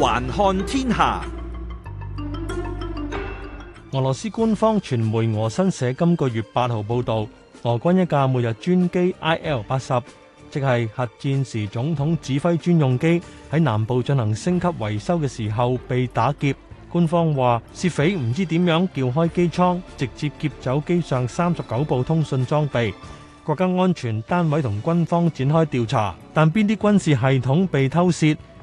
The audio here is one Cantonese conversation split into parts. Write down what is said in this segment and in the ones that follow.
環看天下，俄羅斯官方傳媒俄新社今個月八號報道，俄軍一架末日專機 IL-80，即係核戰時總統指揮專用機，喺南部進行升級維修嘅時候被打劫。官方話，竊匪唔知點樣撬開機艙，直接劫走機上三十九部通訊裝備。國家安全單位同軍方展開調查，但邊啲軍事系統被偷竊？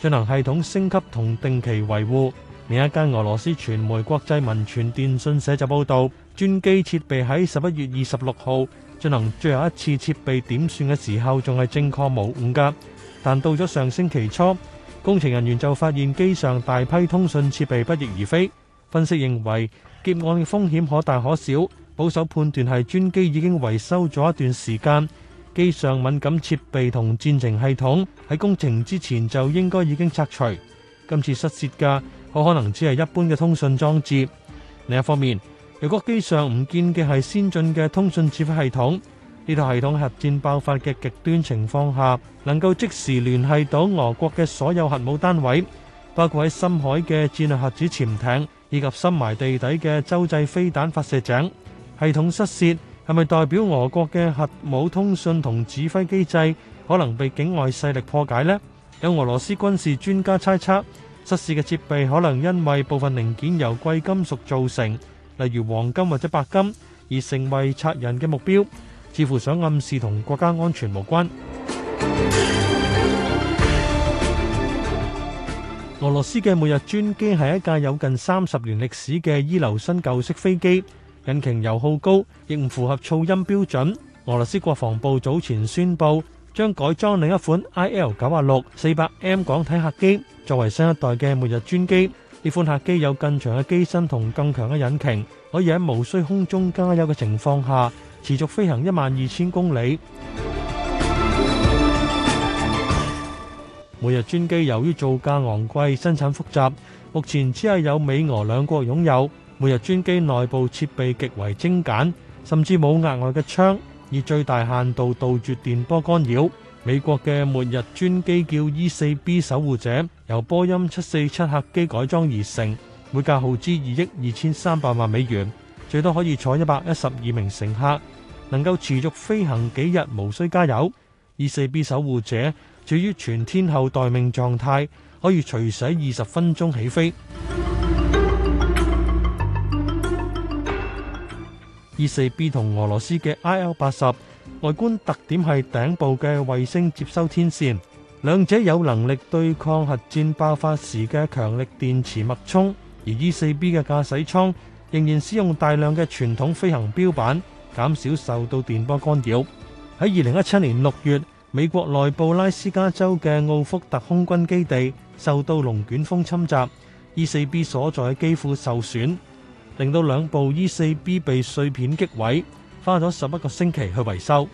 進行系統升級同定期維護。另一間俄羅斯傳媒國際文傳電訊社就報道，專機設備喺十一月二十六號進行最後一次設備點算嘅時候仲係正確無誤噶，但到咗上星期初，工程人員就發現機上大批通訊設備不翼而飛。分析認為劫案嘅風險可大可小，保守判斷係專機已經維修咗一段時間。機上敏感設備同戰情系統喺工程之前就應該已經拆除。今次失竊噶，好可能只係一般嘅通訊裝置。另一方面，如果機上唔見嘅係先進嘅通訊指揮系統，呢套系統核戰爆發嘅極端情況下，能夠即時聯繫到俄國嘅所有核武單位，包括喺深海嘅戰略核子潛艇以及深埋地底嘅洲際飛彈發射井，系統失竊。係咪代表俄國嘅核武通訊同指揮機制可能被境外勢力破解呢？有俄羅斯軍事專家猜測，失事嘅設備可能因為部分零件由貴金屬造成，例如黃金或者白金，而成為賊人嘅目標。似乎想暗示同國家安全無關。俄羅斯嘅末日專機係一架有近三十年歷史嘅伊留申舊式飛機。引擎油耗高，亦唔符合噪音標準。俄羅斯國防部早前宣布，將改裝另一款 I L 九啊六四百 M 廣體客機，作為新一代嘅末日專機。呢款客機有更長嘅機身同更強嘅引擎，可以喺無需空中加油嘅情況下，持續飛行一萬二千公里。末日專機由於造價昂貴、生產複雜，目前只係有美俄兩國擁有。末日專機內部設備極為精簡，甚至冇額外嘅窗，以最大限度杜絕電波干擾。美國嘅末日專機叫 E4B 守護者，由波音七四七客機改裝而成，每架耗資二億二千三百萬美元，最多可以坐一百一十二名乘客，能夠持續飛行幾日，無需加油。E4B 守護者處於全天候待命狀態，可以隨時二十分鐘起飛。E 四 B 同俄羅斯嘅 IL 八十外觀特點係頂部嘅衛星接收天線，兩者有能力對抗核戰爆發時嘅強力電磁脈衝。而 E 四 B 嘅駕駛艙仍然使用大量嘅傳統飛行標板，減少受到電波干擾。喺二零一七年六月，美國內布拉斯加州嘅奧福特空軍基地受到龍捲風侵襲，E 四 B 所在嘅機庫受損。令到兩部 E4B 被碎片擊毀，花咗十一個星期去維修。